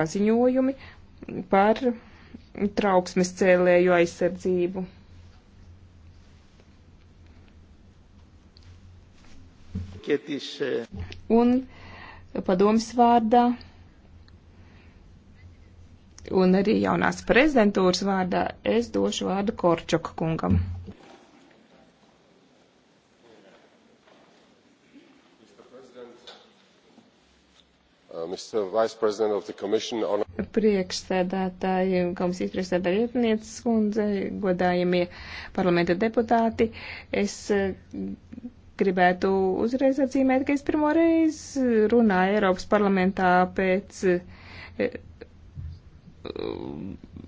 paziņojumi par trauksmes cēlēju aizsardzību. Kietis. Eh, un padomis vārdā un arī jaunās prezidentūras vārdā es došu vārdu Korčok kungam. Uh, priekšsēdētāji, komisijas priekšsēdētāji vietnieces kundze, godājamie parlamenta deputāti, es uh, gribētu uzreiz atzīmēt, ka es pirmo reizi runāju Eiropas parlamentā pēc uh,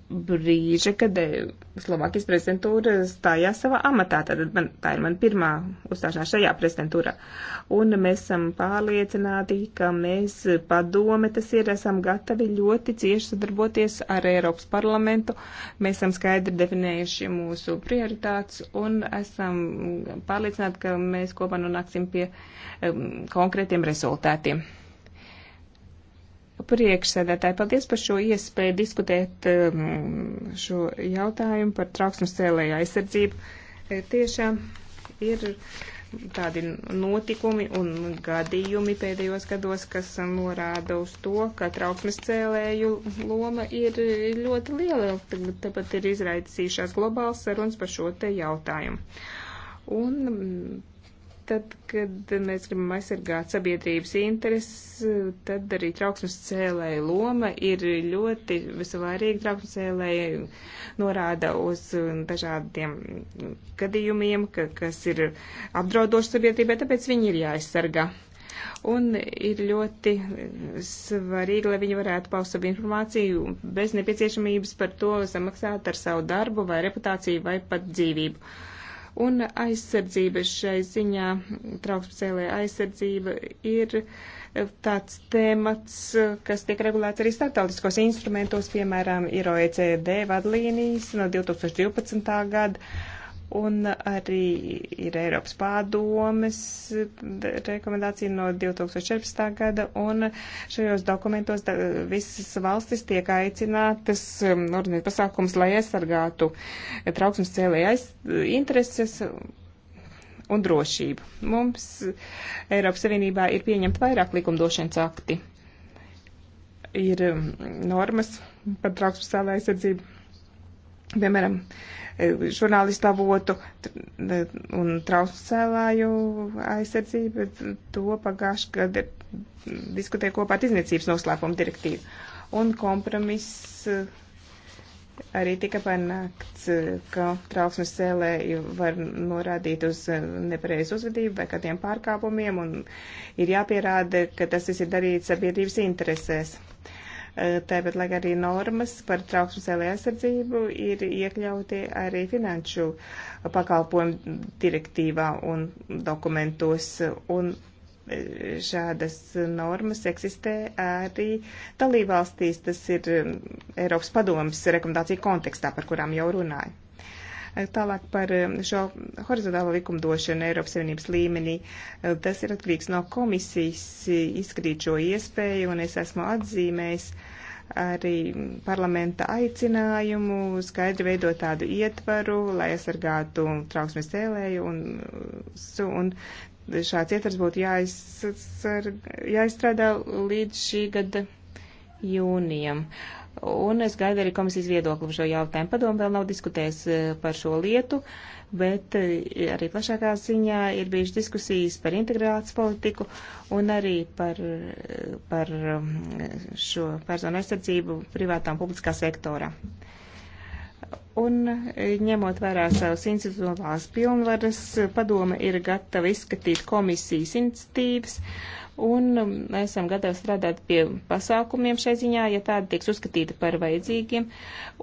brīža, kad eh, Slovākijas prezidentūra stājās savā amatā. Tātad man, tā ir man pirmā uzstāšanās šajā prezidentūrā. Un mēs esam pārliecināti, ka mēs padome tas ir, esam gatavi ļoti cieši sadarboties ar Eiropas parlamentu. Mēs esam skaidri definējuši mūsu prioritātes un esam pārliecināti, ka mēs kopā nonāksim pie um, konkrētiem rezultātiem priekšsēdētāji. Paldies par šo iespēju diskutēt um, šo jautājumu par trauksmes cēlēju aizsardzību. E, tiešām ir tādi notikumi un gadījumi pēdējos gados, kas norāda uz to, ka trauksmes cēlēju loma ir ļoti liela, tāpat ir izraisījušās globāls sarunas par šo te jautājumu. Un Tad, kad mēs gribam aizsargāt sabiedrības intereses, tad arī trauksmes cēlēja loma ir ļoti visvairīgi trauksmes cēlēja norāda uz dažādiem gadījumiem, ka, kas ir apdraudoši sabiedrībai, tāpēc viņi ir jāaizsargā. Un ir ļoti svarīgi, lai viņi varētu paust savu informāciju bez nepieciešamības par to samaksāt ar savu darbu vai reputāciju vai pat dzīvību. Uh, Un aizsardzība šai ziņā, trauksmesēlē aizsardzība ir tāds temats, kas tiek regulēts arī startautiskos instrumentos, piemēram, ir OECD vadlīnijas no 2012. gada Un arī ir Eiropas pārdomes rekomendācija no 2014. gada, un šajos dokumentos da, visas valstis tiek aicinātas um, organizēt pasākums, lai aizsargātu trauksmes cēlēja aiz, intereses un drošību. Mums Eiropas Savienībā ir pieņemta vairāk likumdošanas akti. Ir um, normas par trauksmes cēlēja aizsardzību piemēram, e, žurnālistu avotu un trauscēlāju aizsardzību, to pagājuši, kad diskutēja kopā ar izniecības noslēpumu direktīvu. Un kompromiss e, arī tika panākts, e, ka trauksmes cēlē var norādīt uz nepareizu uzvedību vai kādiem pārkāpumiem un ir jāpierāda, ka tas viss ir darīts sabiedrības interesēs. Uh, Eh, tāpat lai arī normas par trauksmes eļai aizsardzību ir iekļauti arī finanšu pakalpojumu direktīvā un dokumentos. Un eh, šādas normas eksistē arī dalībvalstīs, tas ir mm, Eiropas padomas rekomendācija kontekstā, par kurām jau runāju. Eh, tālāk par mm, šo horizontālo likumdošanu Eiropas Savienības līmenī. Tas ir atkarīgs no komisijas izskrīt šo iespēju, un es esmu atzīmējis, uh, arī parlamenta aicinājumu skaidri veidot tādu ietvaru, lai aizsargātu trauksmes cēlēju un, un šāds ietvers būtu jāizstrādā līdz šī gada jūnijam. Un es gaidu arī komisijas viedokli par šo jautājumu. Padomu vēl nav diskutējis eh, par šo lietu. Uh, bet eh, arī plašākā ziņā ir bijušas diskusijas par integrācijas politiku un arī par, par um, šo personu aizsardzību privātā un publiskā sektorā. Un eh, ņemot vērā savas institucionālās pilnvaras, padome ir gatava izskatīt komisijas iniciatīvas un um, esam gatavi strādāt pie pasākumiem šai ziņā, ja tāda tiks uzskatīta par vajadzīgiem.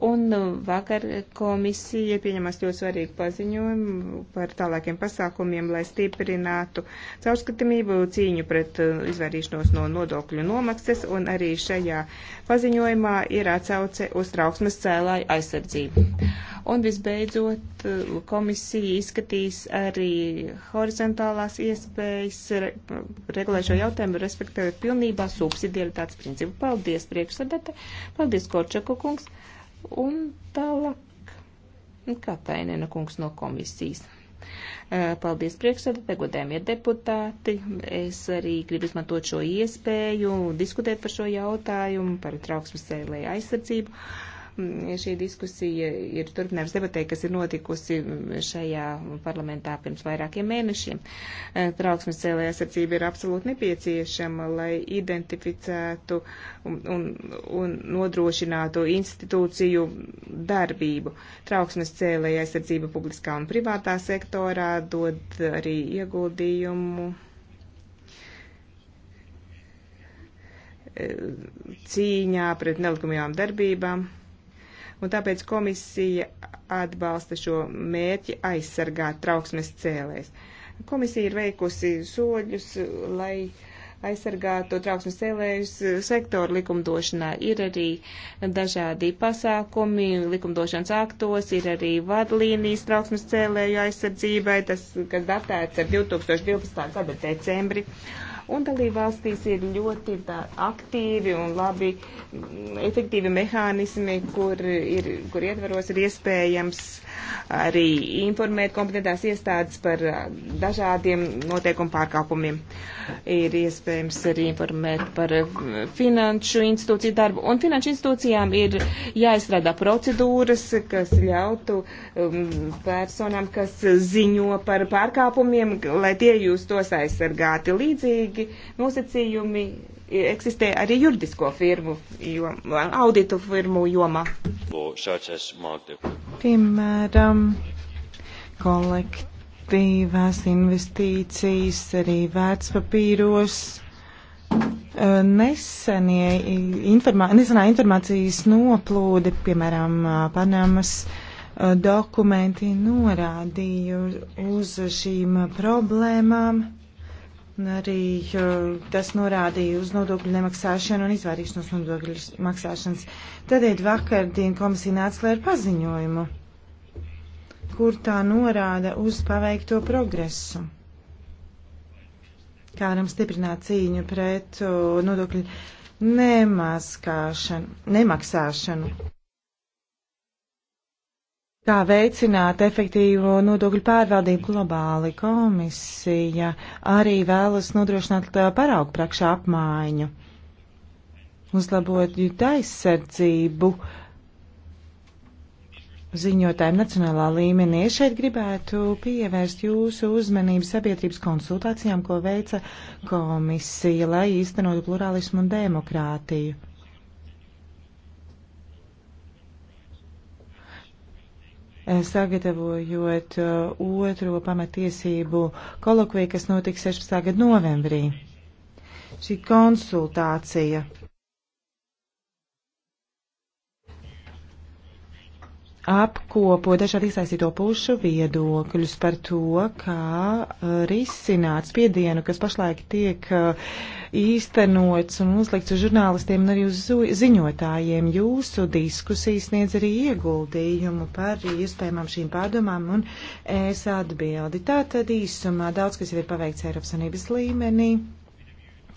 Un um, vakar komisija pieņemas ļoti svarīgu paziņojumu par tālākiem pasākumiem, lai stiprinātu caurskatamību cīņu pret uh, izvairīšanos no nodokļu nomaksas, un arī šajā paziņojumā ir atsauce uz trauksmes cēlāju aizsardzību. Un visbeidzot, eh, komisija izskatīs arī horizontālās iespējas re, regulēt šo jautājumu, respektējot pilnībā subsidiaritātes principu. Paldies, priekšsadate, paldies, Korčaku kungs, un tālāk Katainena kungs no komisijas. Eh, paldies priekšsēdētāji, godējumie deputāti. Es arī gribu izmantot šo iespēju diskutēt par šo jautājumu, par trauksmes cēlēju aizsardzību. Uh, Šī diskusija ir turpinājums debatē, kas ir notikusi šajā parlamentā pirms vairākiem mēnešiem. E, Trauksmes cēlē aizsardzība ir absolūti nepieciešama, lai identificētu un, un, un nodrošinātu institūciju darbību. Trauksmes cēlē aizsardzība publiskā un privātā sektorā dod arī ieguldījumu e, cīņā pret nelikumīgām darbībām un tāpēc komisija atbalsta šo mērķi aizsargāt trauksmes cēlēs. Komisija ir veikusi soļus, lai aizsargātu trauksmes cēlējus sektoru likumdošanā. Ir arī dažādi pasākumi likumdošanas aktos, ir arī vadlīnijas trauksmes cēlēju aizsardzībai, tas, kas datēts ar 2012. gada decembri. Uh, un dalībvalstīs ir ļoti tā, aktīvi un labi mm, efektīvi mehānismi, kur, ir, kur ietvaros ir iespējams arī informēt kompetentās iestādes par uh, dažādiem noteikumu pārkāpumiem. Ir iespējams arī informēt par uh, finanšu institūciju darbu. Un finanšu institūcijām ir jāizstrādā procedūras, kas ļautu um, personām, kas ziņo par pārkāpumiem, lai tie jūs tos aizsargāti. Līdzīgi nosacījumi eksistē arī juridisko firmu, jo, auditu firmu jomā. Piemēram, kolektīvās investīcijas arī vērtspapīros. Nesenie informā, nesenā informācijas noplūde, piemēram, Panamas dokumenti norādīja uz šīm problēmām. Un arī tas norādīja uz nodokļu nemaksāšanu un izvairīšanos nodokļu maksāšanas. Tādēļ vakardien komisija nāca klēr paziņojumu, kur tā norāda uz paveikto progresu. Kā varam stiprināt cīņu pret uh, nodokļu nemaskāšanu, nemaksāšanu. Kā veicināt efektīvo nodokļu pārvaldību globāli? Komisija arī vēlas nodrošināt uh, paraugu prakšā apmaiņu, uzlabot aizsardzību ziņotājiem nacionālā līmenī. Es šeit gribētu pievērst jūsu uzmanību sabiedrības konsultācijām, ko veica komisija, lai īstenotu plurālismu un demokrātiju. Eh, sagatavojot eh, otro pamatiesību kolokviju, kas notiks 16. gada novembrī. Šī konsultācija. apkopo dažādu iesaistīto pušu viedokļus par to, kā eh, risināt spiedienu, kas pašlaik tiek uh, īstenots un uzlikts uz žurnālistiem un arī uz ziņotājiem. Jūsu diskusijas sniedz arī ieguldījumu par iespējamām šīm pārdomām un es atbildi. Tātad īsumā daudz, kas jau ir paveikts Eiropas Savienības līmenī,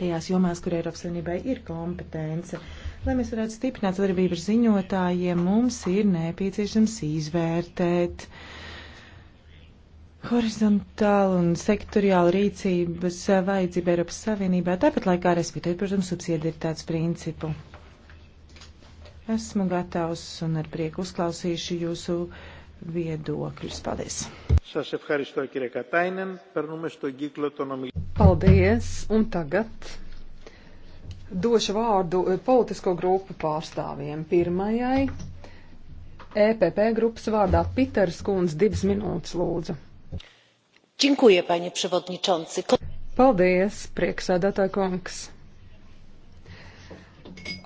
tajās jomās, kur Eiropas Savienībai ir kompetence. Lai mēs varētu stiprināt sadarbību ar ziņotājiem, mums ir nepieciešams izvērtēt. Uh, horizontāla un sektoriāla rīcības vajadzība Eiropas Savienībā, tāpat laikā respektēt, protams, subsidiaritātes principu. Esmu gatavs un ar prieku uzklausīšu jūsu viedokļus. Paldies! Paldies! Un tagad došu vārdu politisko grupu pārstāvjiem. Pirmajai EPP grupas vārdā Piters Kunz divas minūtes lūdzu. Činkuja, paņa prevodničonci. Paldies, prieksēdētā kungs.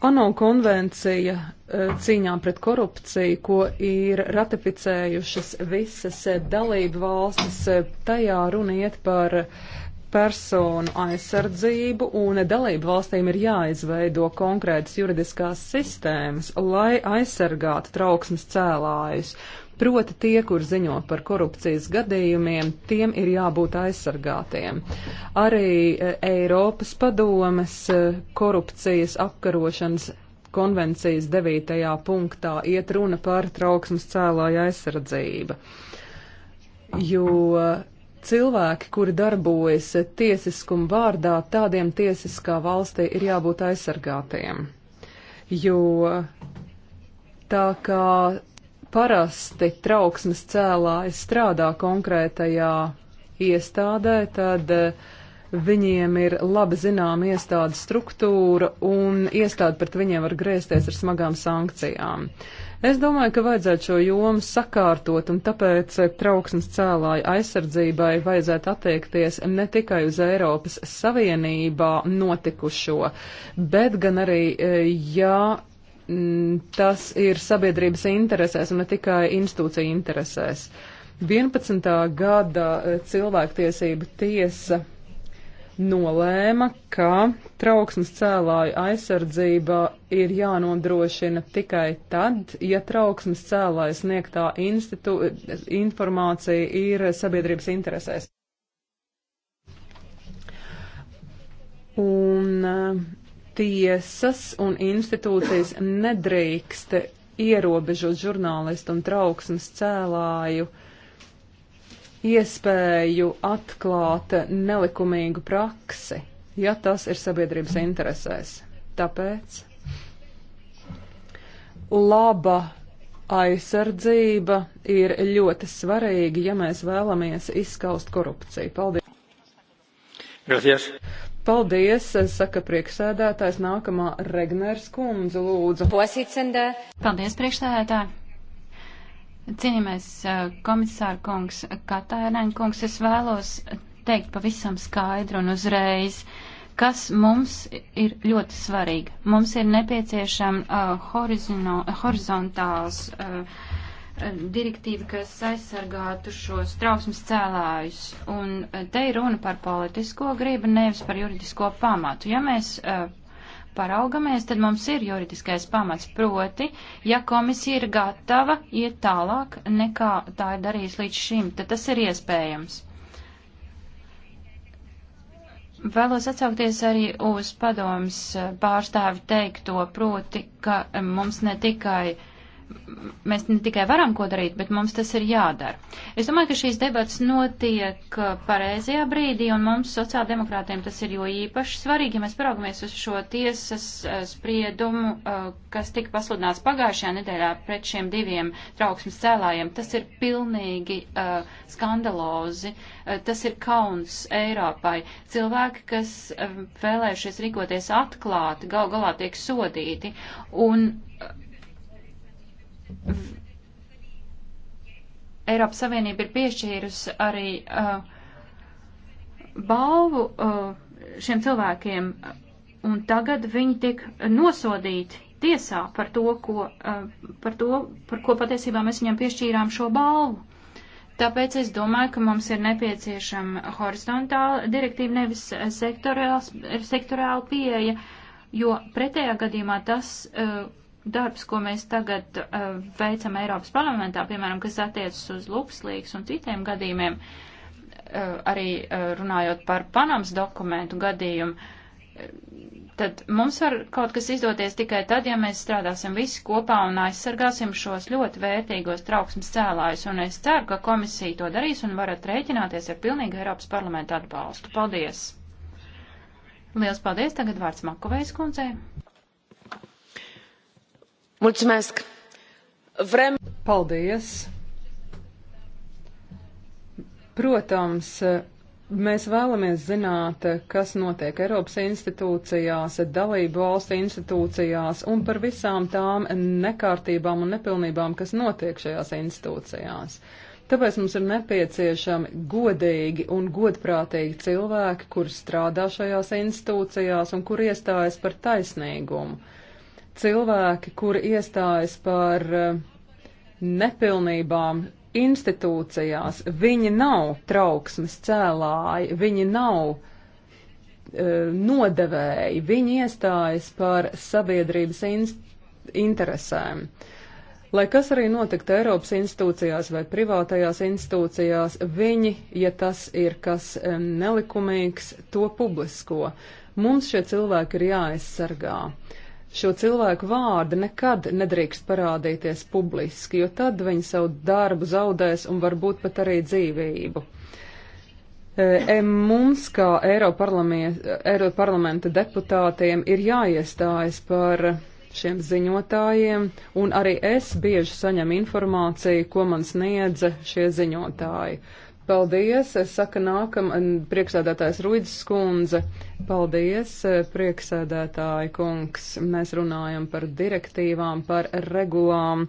ANO konvencija e, cīņā pret korupciju, ko ir ratificējušas visas dalību valstis, e, tajā runa iet par personu aizsardzību, un dalību valstīm ir jāizveido konkrētas juridiskās sistēmas, lai aizsargātu trauksmes cēlājus. Proti tie, kur ziņo par korupcijas gadījumiem, tiem ir jābūt aizsargātiem. Arī e, Eiropas padomes e, korupcijas apkarošanas konvencijas 9. punktā iet runa par trauksmes cēlāja aizsardzību. Jo cilvēki, kuri darbojas tiesiskuma vārdā, tādiem tiesiskā valstī ir jābūt aizsargātiem. Jo tā kā parasti trauksmes cēlājs strādā konkrētajā iestādē, tad eh, viņiem ir labi zinām iestādes struktūra un iestāde pret viņiem var grēsties ar smagām sankcijām. Es domāju, ka vajadzētu šo jomu sakārtot, un tāpēc eh, trauksmes cēlāju aizsardzībai vajadzētu attiekties ne tikai uz Eiropas Savienībā notikušo, bet gan arī, eh, ja Mm, tas ir sabiedrības interesēs un ne tikai institūcija interesēs. 11. gada eh, cilvēktiesība tiesa nolēma, ka trauksmes cēlāju aizsardzība ir jānodrošina tikai tad, ja trauksmes cēlāja sniegtā informācija ir sabiedrības interesēs. Un eh, tiesas un institūcijas nedrīkst ierobežot žurnālistu un trauksmes cēlāju iespēju atklāt nelikumīgu praksi, ja tas ir sabiedrības interesēs. Tāpēc laba aizsardzība ir ļoti svarīga, ja mēs vēlamies izskaust korupciju. Paldies! Gracias. Paldies, saka priekšsēdētājs nākamā Regners kundze, lūdzu. Posicendē. Paldies, priekšsēdētāji. Cienījamais eh, komisāra kungs, Katārēn kungs, es vēlos teikt pavisam skaidru un uzreiz, kas mums ir ļoti svarīgi. Mums ir nepieciešama uh, horizontāls. Uh, Eh, direktīva, kas aizsargātu šos trauksmes cēlājus. Un eh, te ir runa par politisko gribu, nevis par juridisko pamatu. Ja mēs uh, paraugamies, tad mums ir juridiskais pamats. Proti, ja komisija ir gatava iet tālāk, nekā tā ir darījusi līdz šim, tad tas ir iespējams. Vēlos atsaukties arī uz padomus pārstāvi teikto, proti, ka mums ne tikai uh, mēs ne tikai varam ko darīt, bet mums tas ir jādara. Es domāju, ka šīs debats notiek uh, pareizajā brīdī, un mums sociāldemokrātiem tas ir jo īpaši svarīgi, ja mēs paraugamies uz šo tiesas uh, spriedumu, uh, kas tika pasludināts pagājušajā nedēļā pret šiem diviem trauksmes cēlājiem. Tas ir pilnīgi uh, skandalozi, uh, tas ir kauns Eiropai. Cilvēki, kas uh, vēlējušies rīkoties atklāti, gal galā tiek sodīti. Un, uh, Eiropas Savienība ir piešķīrusi arī uh, balvu uh, šiem cilvēkiem, un tagad viņi tiek nosodīti tiesā par to, ko, uh, par to, par ko patiesībā mēs viņam piešķīrām šo balvu. Tāpēc es domāju, ka mums ir nepieciešama horizontāla direktīva, nevis sektoriāla pieeja, jo pretējā gadījumā tas, uh, darbs, ko mēs tagad uh, veicam Eiropas parlamentā, piemēram, kas attiecas uz Luxlīgas un citiem gadījumiem, uh, arī uh, runājot par Panamas dokumentu gadījumu, uh, tad mums var kaut kas izdoties tikai tad, ja mēs strādāsim visi kopā un aizsargāsim šos ļoti vērtīgos trauksmes cēlājus. Un es ceru, ka komisija to darīs un varat rēķināties ar pilnīgu Eiropas parlamentu atbalstu. Paldies! Liels paldies! Tagad vārds Makovejs kundzei. Mulțumesc! Vrem... Paldies! Protams, mēs vēlamies zināt, kas notiek Eiropas institūcijās, dalību valstu institūcijās un par visām tām nekārtībām un nepilnībām, kas notiek šajās institūcijās. Tāpēc mums ir nepieciešami godīgi un godprātīgi cilvēki, kur strādā šajās institūcijās un kur iestājas par taisnīgumu cilvēki, kuri iestājas par eh, nepilnībām institūcijās, viņi nav trauksmes cēlāji, viņi nav uh, nodevēji, viņi iestājas par sabiedrības interesēm. Lai kas arī notiktu Eiropas institūcijās vai privātajās institūcijās, viņi, ja tas ir kas eh, nelikumīgs, to publisko. Mums šie cilvēki ir jāaizsargā. Šo cilvēku vārdi nekad nedrīkst parādīties publiski, jo tad viņi savu darbu zaudēs un varbūt pat arī dzīvību. E, mums, kā Eiroparlamenta deputātiem, ir jāiestājas par šiem ziņotājiem, un arī es bieži saņemu informāciju, ko man sniedza šie ziņotāji. Paldies, saka nākam priekšsēdētājs Ruidas skundze. Paldies, e, priekšsēdētāji kungs. Mēs runājam par direktīvām, par regulām,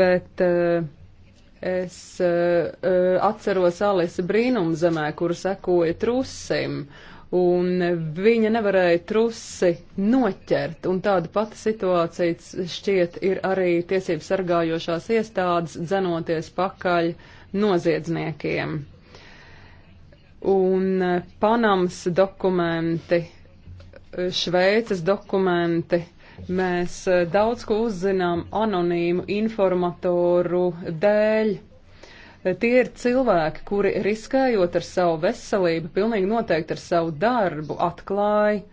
bet uh, es uh, atceros Alisa brīnumzemē, kuru sekoja trusim un viņa nevarēja trusi noķert. Un tāda pati situācija šķiet ir arī tiesību sargājošās iestādes dzenoties pakaļ noziedzniekiem un e, Panamas dokumenti, e, Šveices dokumenti. Mēs e, daudz ko uzzinām anonīmu informatoru dēļ. Tie ir cilvēki, kuri riskējot ar savu veselību, pilnīgi noteikti ar savu darbu atklāja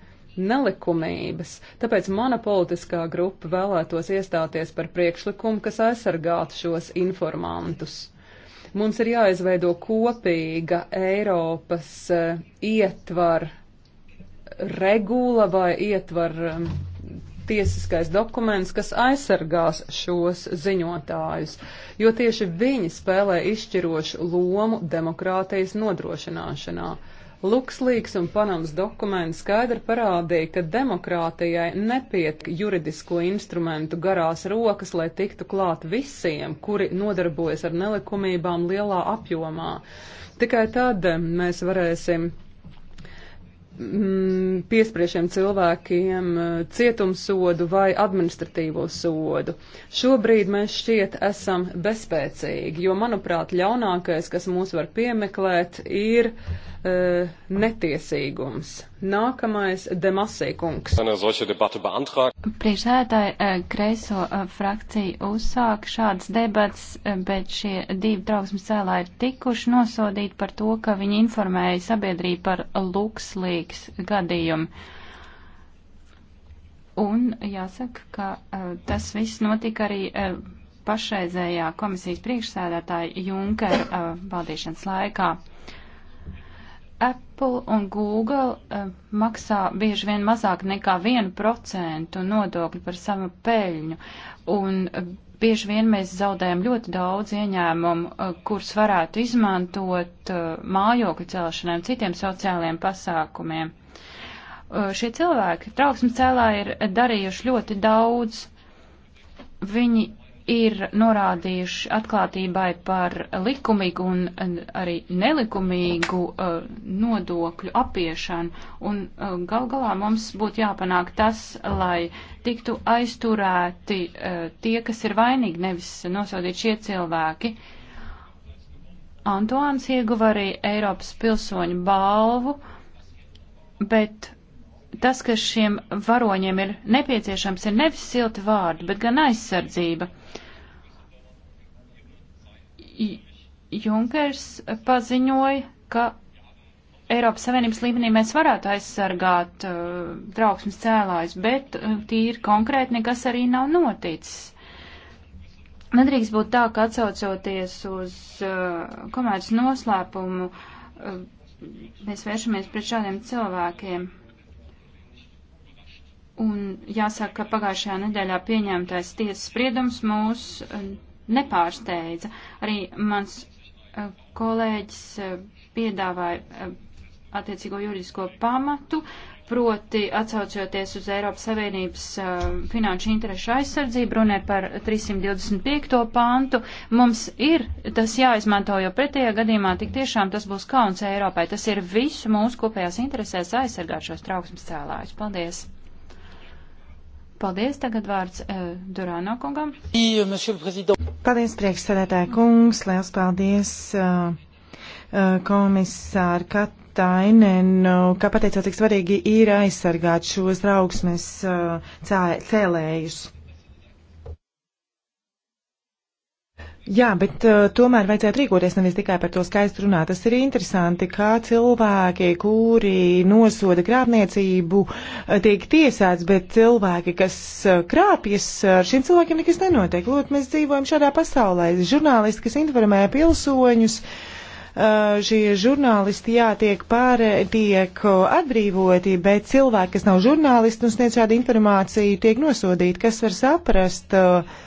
nelikumības. Tāpēc mana politiskā grupa vēlētos iestāties par priekšlikumu, kas aizsargātu šos informantus. Mums ir jāizveido kopīga Eiropas eh, ietvar regula vai ietvar eh, tiesiskais dokuments, kas aizsargās šos ziņotājus, jo tieši viņi spēlē izšķirošu lomu demokrātijas nodrošināšanā. Lukslīgs un Panamas dokumenti skaidri parādīja, ka demokrātijai nepietiek juridisko instrumentu garās rokas, lai tiktu klāt visiem, kuri nodarbojas ar nelikumībām lielā apjomā. Tikai tad eh, mēs varēsim mm, piespriešiem cilvēkiem eh, cietumsodu vai administratīvo sodu. Šobrīd mēs šķiet esam bezspēcīgi, jo, manuprāt, ļaunākais, kas mūs var piemeklēt, ir uh, netiesīgums. Nākamais - Demasīkungs. Priekšsēdētāji, e, kreiso e, frakcija uzsāk šādas debats, bet šie divi trauksmes cēlā ir tikuši nosodīti par to, ka viņi informēja sabiedrību par lukslīgs gadījumu. Un jāsaka, ka uh, tas viss notika arī. Uh, pašreizējā komisijas priekšsēdētāja Junkera uh, valdīšanas laikā. Uh, Apple un Google uh, maksā bieži vien mazāk nekā 1% nodokļu par savu peļņu, un uh, bieži vien mēs zaudējam ļoti daudz ieņēmumu, uh, kurus varētu izmantot uh, mājokļu celšanai un citiem sociālajiem pasākumiem. Uh, šie cilvēki, trauksmes cēlā, ir darījuši ļoti daudz. Viņi ir norādījuši atklātībai par likumīgu un arī nelikumīgu uh, nodokļu apiešanu. Un uh, gal galā mums būtu jāpanāk tas, lai tiktu aizturēti uh, tie, kas ir vainīgi, nevis nosodīt šie cilvēki. Antoāns ieguva arī Eiropas pilsoņu balvu, bet tas, kas šiem varoņiem ir nepieciešams, ir nevis silti vārdi, bet gan aizsardzība. Junkers paziņoja, ka Eiropas Savienības līmenī mēs varētu aizsargāt uh, trauksmes cēlājus, bet uh, tīri konkrēti nekas arī nav noticis. Nedrīkst būt tā, ka atsaucoties uz uh, komēdus noslēpumu, uh, mēs vēršamies pret šādiem cilvēkiem. Un jāsaka, ka pagājušajā nedēļā pieņemtais tiesas spriedums mūs eh, nepārsteidza. Arī mans eh, kolēģis eh, piedāvāja attiecīgo juridisko pamatu, proti atsaucoties uz Eiropas Savienības uh, finanšu interešu aizsardzību, runē par 325. pantu, mums ir tas jāizmanto, jo pretējā gadījumā tik tiešām tas būs kauns Eiropai. Tas ir visu mūsu kopējās interesēs aizsargāt šos trauksmes cēlājus. Paldies! Paldies, tagad vārds uh, Durāno kungam. Euh, paldies, priekšsēdētāja kungs, liels paldies uh, eh, eh, komisāru Katainenu, ka pateicāt, cik svarīgi ir aizsargāt šos trauksmes uh, cēlējus. Jā, bet uh, tomēr vajadzētu rīkoties nevis tikai par to skaistu runāt. Tas ir interesanti, kā cilvēki, kuri nosoda krāpniecību, uh, tiek tiesāts, bet cilvēki, kas uh, krāpjas, uh, ar šiem cilvēkiem nekas nenotiek. Lūk, mēs dzīvojam šādā pasaulē. Žurnālisti, kas informē pilsoņus, uh, šie žurnālisti, jā, tiek pār, tiek atbrīvoti, bet cilvēki, kas nav žurnālisti un sniedz šādu informāciju, tiek nosodīti. Kas var saprast? Uh,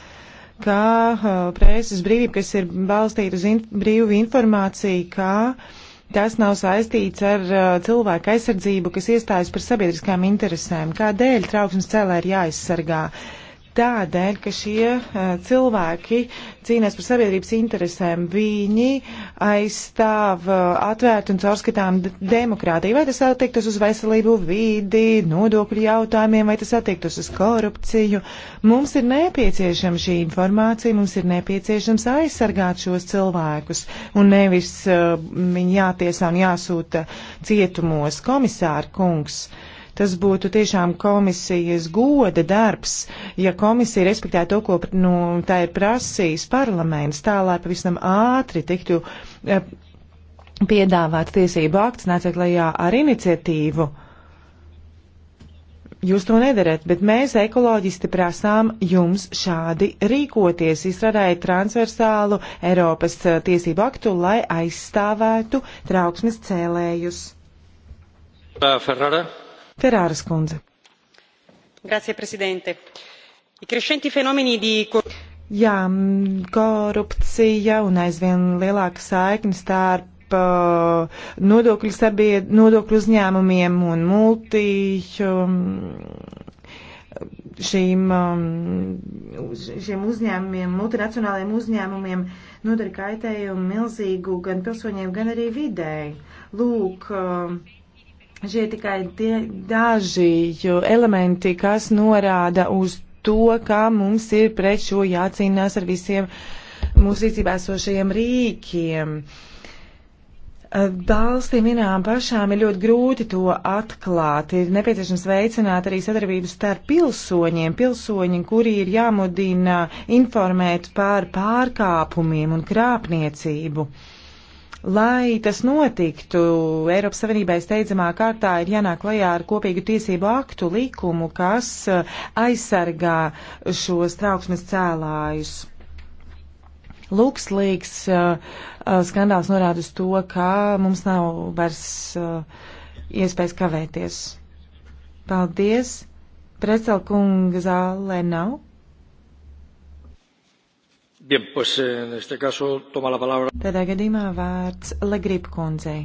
ka uh, preses brīvība, kas ir balstīta uz in brīvu informāciju, ka tas nav saistīts ar uh, cilvēku aizsardzību, kas iestājas par sabiedriskām interesēm. Kādēļ trauksmes cēlē ir jāaizsargā? Uh, tādēļ, ka šie uh, cilvēki cīnās par sabiedrības interesēm. Viņi aizstāv uh, atvērtu un caurskatām demokrātiju. Vai tas attiektos uz veselību vidi, nodokļu jautājumiem, vai tas attiektos uz korupciju. Mums ir nepieciešama šī informācija, mums ir nepieciešams aizsargāt šos cilvēkus un nevis uh, eh, viņi jātiesā un jāsūta cietumos. Komisāra kungs. Uh, Tas būtu tiešām komisijas goda darbs, ja komisija respektē to, ko nu, tā ir prasījis parlaments, tā lai pavisam ātri tiktu eh, piedāvāts tiesību akts, nācot klajā ar iniciatīvu. Jūs to nedarat, bet mēs, ekoloģisti, prasām jums šādi rīkoties, izstrādājot transversālu Eiropas eh, tiesību aktu, lai aizstāvētu trauksmes cēlējus. Ferrara. Ferāras kundze. Grazie, prezidente. I crescenti fenomeni di... Jā, korupcija un aizvien lielāka saikne starp uh, nodokļu, sabied, nodokļu uzņēmumiem un multi um, šīm, um, šiem uzņēmumiem, multinacionāliem uzņēmumiem nodara kaitējumu milzīgu gan pilsoņiem, gan arī vidēji. Lūk, uh, Šie tikai tie daži elementi, kas norāda uz to, kā mums ir pret šo jācīnās ar visiem mūsu rīcībā esošajiem rīkiem. Valstīm vienām pašām ir ļoti grūti to atklāt. Ir nepieciešams veicināt arī sadarbību starp pilsoņiem, pilsoņi, kuri ir jāmudina informēt par pārkāpumiem un krāpniecību. Uh, Lai tas notiktu, Eiropas Savienībai steidzamā kārtā ir jānāk lajā ar kopīgu tiesību aktu likumu, kas eh, aizsargā šos trauksmes cēlājus. Lūkslīgs eh, eh, skandāls norāda uz to, ka mums nav vairs iespējas kavēties. Paldies! Precelkunga zālē nav. Bien, pues, eh, este caso, toma la palabra. Tādā gadījumā vārds Legrip kundzei.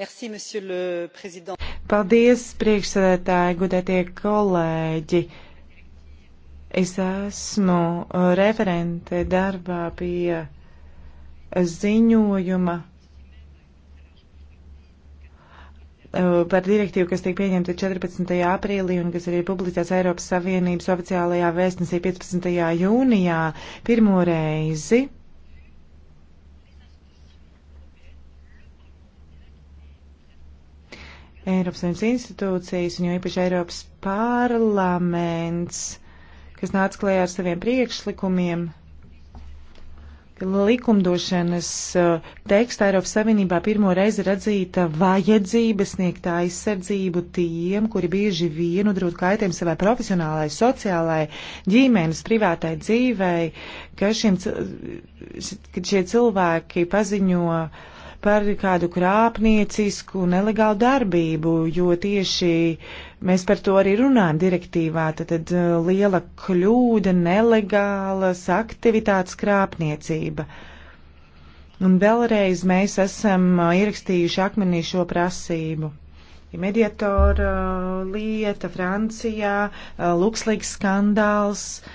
Merci, monsieur le président. Paldies, priekšsēdētāji, gudētie kolēģi. Es esmu referente darbā pie ziņojuma Uh, par direktīvu, kas tiek pieņemta 14. aprīlī un kas arī publicēts Eiropas Savienības oficiālajā vēstnesī 15. jūnijā pirmo reizi. Eiropas Savienības institūcijas un jo īpaši Eiropas parlaments, kas nāca klajā ar saviem priekšlikumiem, likumdošanas eh, tekstā Eiropas Savienībā pirmo reizi redzīta vajadzība sniegt aizsardzību tiem, kuri bieži vien udrot kaitējumu savai profesionālai, sociālai, ģimenes, privātai dzīvei, ka, šiem, ka šie cilvēki paziņo uh, par kādu krāpniecisku, nelegālu darbību, jo tieši mēs par to arī runājam direktīvā. Tad, tad uh, liela kļūda, nelegālas aktivitātes krāpniecība. Un vēlreiz mēs esam uh, ierakstījuši akmenī šo prasību mediatora uh, lieta Francijā, Lukslīgs skandāls. Uh,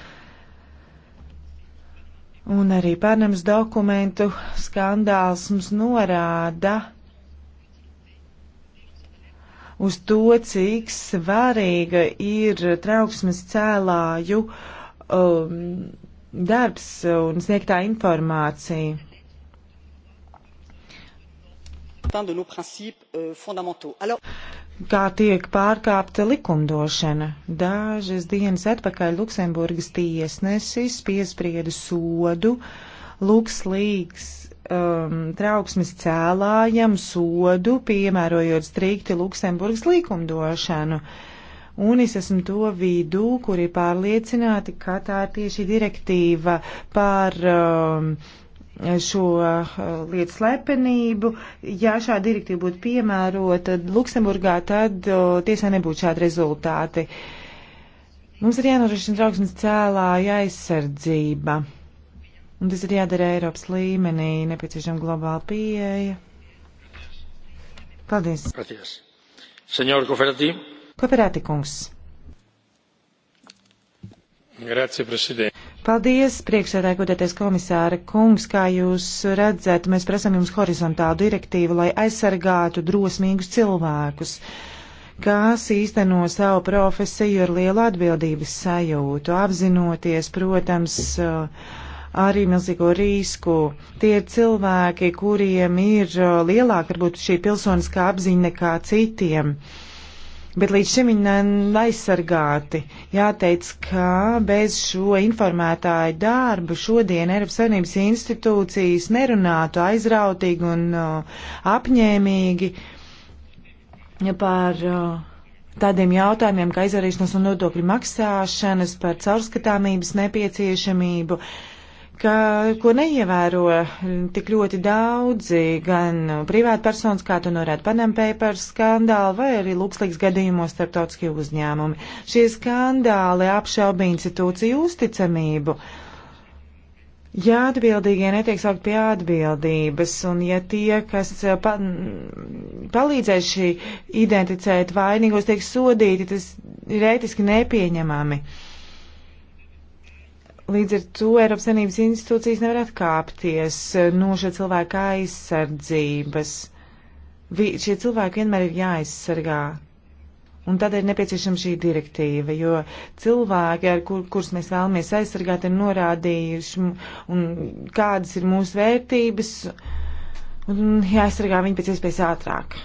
Un arī Panamas dokumentu skandāls mums norāda uz to, cik svarīga ir trauksmes cēlāju um, darbs un sniegtā informācija. De nos principes euh, fondamentaux. Alors kā tiek pārkāpta likumdošana. Dažas dienas atpakaļ Luksemburgas tiesnesis piesprieda sodu Lukslīgs um, trauksmes cēlājam sodu, piemērojot strikti Luksemburgas likumdošanu. Un es esmu to vidū, kuri pārliecināti, ka tā ir tieši direktīva par um, šo eh, lietu slepenību. Ja šāda direktīva būtu piemērota Luksemburgā, tad tiesā nebūtu šādi rezultāti. Mums ir jānorošina trauksmes cēlāja aizsardzība. Un tas ir jādara Eiropas līmenī, nepieciešama globāla pieeja. Paldies. Paldies. Senjor Koferati. Koferati kungs. Grazie, prezident. Paldies, priekšsēdētāji, godētais komisāra kungs, kā jūs redzat, mēs prasam jums horizontālu direktīvu, lai aizsargātu drosmīgus cilvēkus, kas īsteno savu profesiju ar lielu atbildības sajūtu, apzinoties, protams, arī milzīgo risku. Tie ir cilvēki, kuriem ir lielāka, varbūt, šī pilsoniskā apziņa nekā citiem. Uh, bet līdz šim viņi aizsargāti. Jāteic, ka bez šo informētāju darbu šodien Eiropas Savienības institūcijas nerunātu aizrautīgi un uh, apņēmīgi par uh, tādiem jautājumiem, kā izvarīšanos un nodokļu maksāšanas, par caurskatāmības nepieciešamību. Uh, ka, ko neievēro mm, tik ļoti daudzi, gan privātpersonas, kā to norāda Panam Papers skandāli, vai arī lūpslīgs gadījumos starptautiskie uzņēmumi. Šie skandāli apšauba institūciju uzticamību. Ja atbildīgie netiek saukt pie atbildības, un ja tie, kas eh, pa, palīdzēs šī identificēt vainīgos, tiek sodīti, tas ir ētiski nepieņemami. Uh, Līdz ar to Eiropas Savienības institūcijas nevar atkāpties no šie cilvēku aizsardzības. Vi, šie cilvēki vienmēr ir jāaizsargā. Un tad ir nepieciešama šī direktīva, jo cilvēki, ar kur, kurus mēs vēlamies aizsargāt, ir norādījuši, un kādas ir mūsu vērtības, un jāaizsargā viņi pēc iespējas ātrāk.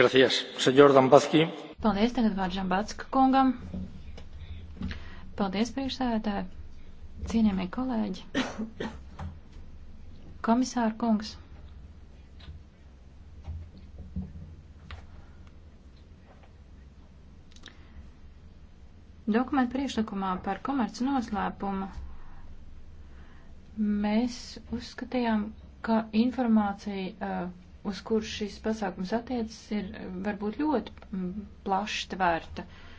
Gracias, senjor Dambatski. Paldies, tagad vārds Žambatska kungam. Paldies, priekšsēdētāji. Cienījamie kolēģi, komisāra kungs. Dokumentu priekšlikumā par komercu noslēpumu mēs uzskatījām, ka informācija, uh, uz kur šis pasākums attiecas, ir uh, varbūt ļoti mm, plaši tvērta. Uh,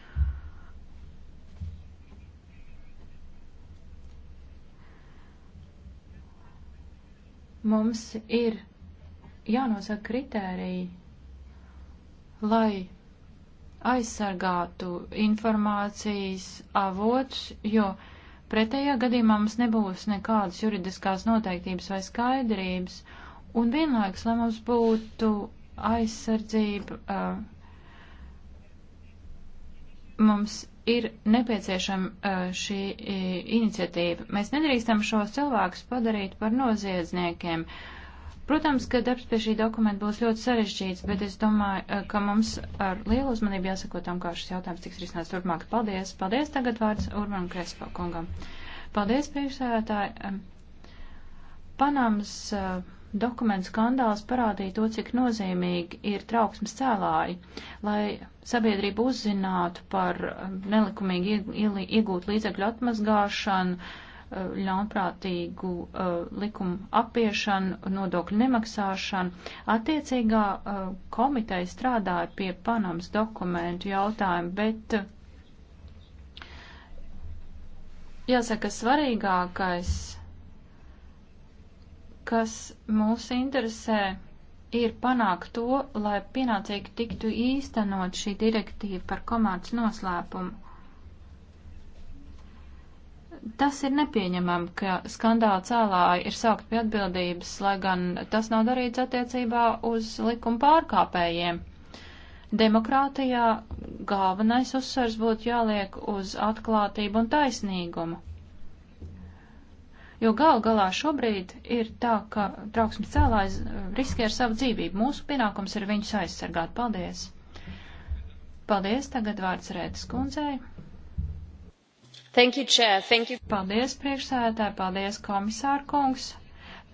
Mums ir jānosaka kritēriji, lai aizsargātu informācijas avots, jo pretējā gadījumā mums nebūs nekādas juridiskās noteiktības vai skaidrības, un vienlaiks, lai mums būtu aizsardzība, mums ir nepieciešama uh, šī uh, iniciatīva. Mēs nedrīkstam šos cilvēkus padarīt par noziedzniekiem. Protams, ka darbs pie šī dokumenta būs ļoti sarežģīts, bet es domāju, uh, ka mums ar lielu uzmanību jāsako tam, kā šis jautājums tiks risināts turpmāk. Paldies! Paldies! Tagad vārds Urban Krespa kungam. Paldies, priekšsēdētāji! Um, Panams. Uh, dokumentu skandāls parādīja to, cik nozīmīgi ir trauksmes cēlāji, lai sabiedrība uzzinātu par um, nelikumīgi iegūt līdzekļu atmazgāšanu, uh, ļaunprātīgu uh, likumu apiešanu, nodokļu nemaksāšanu. Attiecīgā uh, komiteja strādāja pie Panamas dokumentu jautājumu, bet jāsaka, svarīgākais kas mūs interesē, ir panākt to, lai pienācīgi tiktu īstenot šī direktīva par komāts noslēpumu. Tas ir nepieņemami, ka skandāla cēlāji ir saukt pie atbildības, lai gan tas nav darīts attiecībā uz likuma pārkāpējiem. Demokrātijā galvenais uzsvers būtu jāliek uz atklātību un taisnīgumu. Jo gal galā šobrīd ir tā, ka trauksmes cēlājs eh, riskē ar savu dzīvību. Mūsu pienākums ir viņus aizsargāt. Paldies! Paldies! Tagad vārds Rētas kundzei. Thank you, Chair. Thank you. Paldies, priekšsēdētāji. Paldies, komisāra kungs.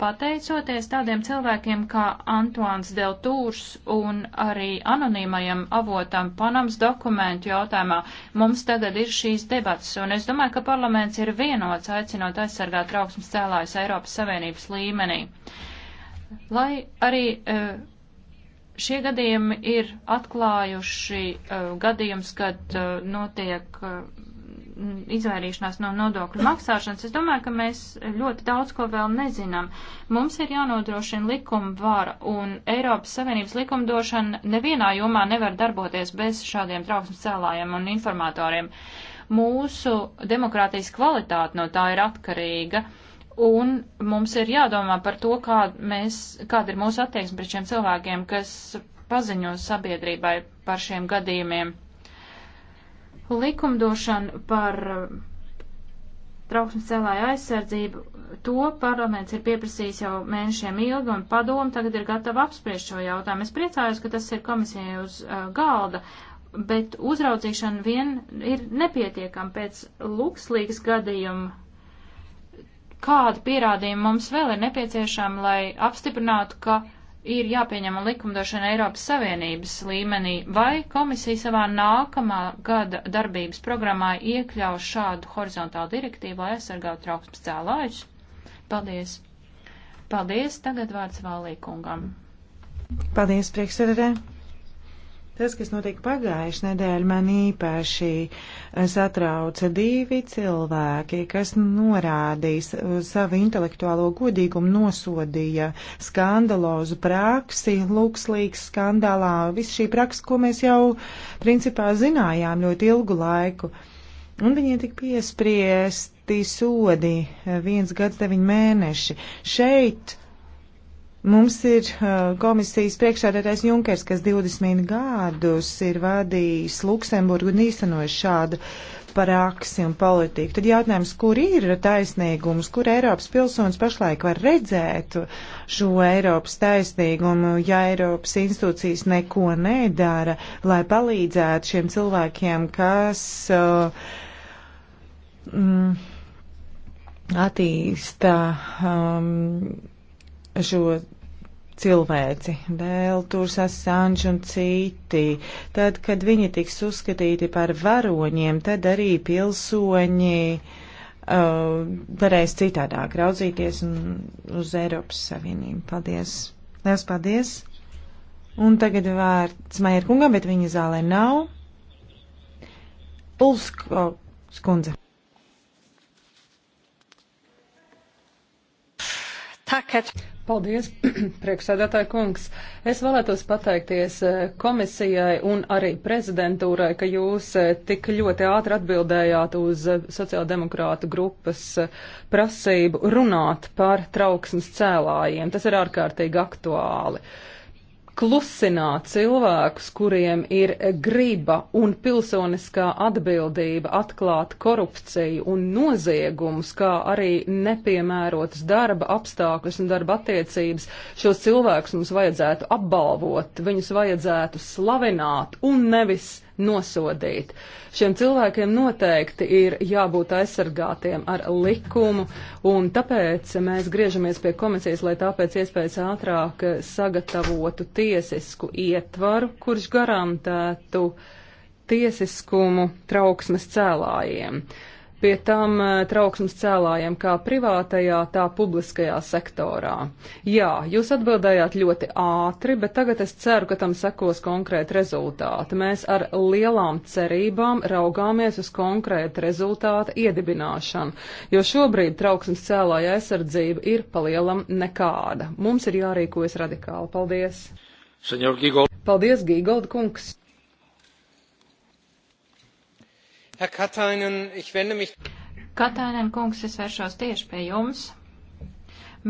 Pateicoties tādiem cilvēkiem kā Antoans Deltūrs un arī anonīmajam avotam Panams dokumentu jautājumā, mums tagad ir šīs debatas, un es domāju, ka parlaments ir vienots aicinot aizsargāt trauksmes cēlājus Eiropas Savienības līmenī. Lai arī e, šie gadījumi ir atklājuši e, gadījums, kad e, notiek izvairīšanās no nodokļu maksāšanas, es domāju, ka mēs ļoti daudz ko vēl nezinām. Mums ir jānodrošina likuma vara, un Eiropas Savienības likumdošana nevienā jomā nevar darboties bez šādiem trauksmes cēlājiem un informatoriem. Mūsu demokrātijas kvalitāte no tā ir atkarīga. Un mums ir jādomā par to, kā mēs, kāda ir mūsu attieksme pret šiem cilvēkiem, kas paziņo sabiedrībai par šiem gadījumiem. Likumdošana par eh, trauksmes cēlāja aizsardzību, to parlaments ir pieprasījis jau mēnešiem ilgi, un padomu tagad ir gatava apspriest šo jautājumu. Es priecājos, ka tas ir komisijai uz uh, galda, bet uzraudzīšana vien ir nepietiekama pēc lukslīgas gadījuma. Kādu pierādījumu mums vēl ir nepieciešama, lai apstiprinātu, ka uh, ir jāpieņem likumdošana Eiropas Savienības līmenī, vai komisija savā nākamā gada darbības programmā iekļaus šādu horizontālu direktīvu, lai aizsargātu trauksmes cēlājus? Paldies! Paldies! Tagad vārds Vālīkungam. Paldies, priekšsēdētāji! Tas, kas notika pagājušajā nedēļā, man īpaši eh, satrauca divi cilvēki, kas norādīja eh, savu intelektuālo godīgumu, nosodīja skandalozu praksi, lukslīgs skandālā, viss šī praksa, ko mēs jau principā zinājām ļoti ilgu laiku. Un viņiem tika piespriesti sodi eh, viens gads deviņi mēneši. Šeit Mums ir uh, komisijas priekšādātais Junkers, kas 20 gadus ir vadījis Luksemburgu un īstenojis šādu praksi un politiku. Tad jautājums, kur ir taisnīgums, kur Eiropas pilsonis pašlaik var redzēt šo Eiropas taisnīgumu, ja Eiropas institūcijas neko nedara, lai palīdzētu šiem cilvēkiem, kas. Uh, mm, attīsta um, šo cilvēci, vēl Tūrs Asanš un citi. Tad, kad viņi tiks uzskatīti par varoņiem, tad arī pilsoņi uh, varēs citādāk raudzīties uz Eiropas Savienību. Paldies! Liels paldies! Un tagad vārds Maier kungam, bet viņa zālē nav. Ulsko skundze. Takat. Paldies, priekšsēdētāja kungs. Es vēlētos pateikties eh, komisijai un arī prezidentūrai, ka jūs eh, tik ļoti ātri atbildējāt uz eh, sociāldemokrātu grupas prasību runāt par trauksmes cēlājiem. Tas ir ārkārtīgi aktuāli. Uh, klusināt cilvēkus, kuriem ir griba un pilsoniskā atbildība atklāt korupciju un noziegumus, kā arī nepiemērotas darba apstākļus un darba attiecības. Šos cilvēkus mums vajadzētu apbalvot, viņus vajadzētu slavināt un nevis nosodīt. Šiem cilvēkiem noteikti ir jābūt aizsargātiem ar likumu, un tāpēc mēs griežamies pie komisijas, lai tāpēc iespējas ātrāk sagatavotu tiesisku ietvaru, kurš garantētu tiesiskumu trauksmes cēlājiem. Uh, pie tam eh, trauksmes cēlājiem kā privātajā, tā publiskajā sektorā. Jā, jūs atbildējāt ļoti ātri, bet tagad es ceru, ka tam sekos konkrēti rezultāti. Mēs ar lielām cerībām raugāmies uz konkrētu rezultātu iedibināšanu, jo šobrīd trauksmes cēlāja aizsardzība ir palielam nekāda. Mums ir jārīkojas radikāli. Paldies! Paldies, Gīgolda kungs! Herr Katainen, ich wende mich. Katainen kungs, es vēršos tieši pie jums.